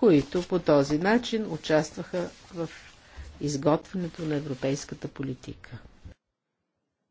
които по този начин участваха в изготвянето на европейската политика.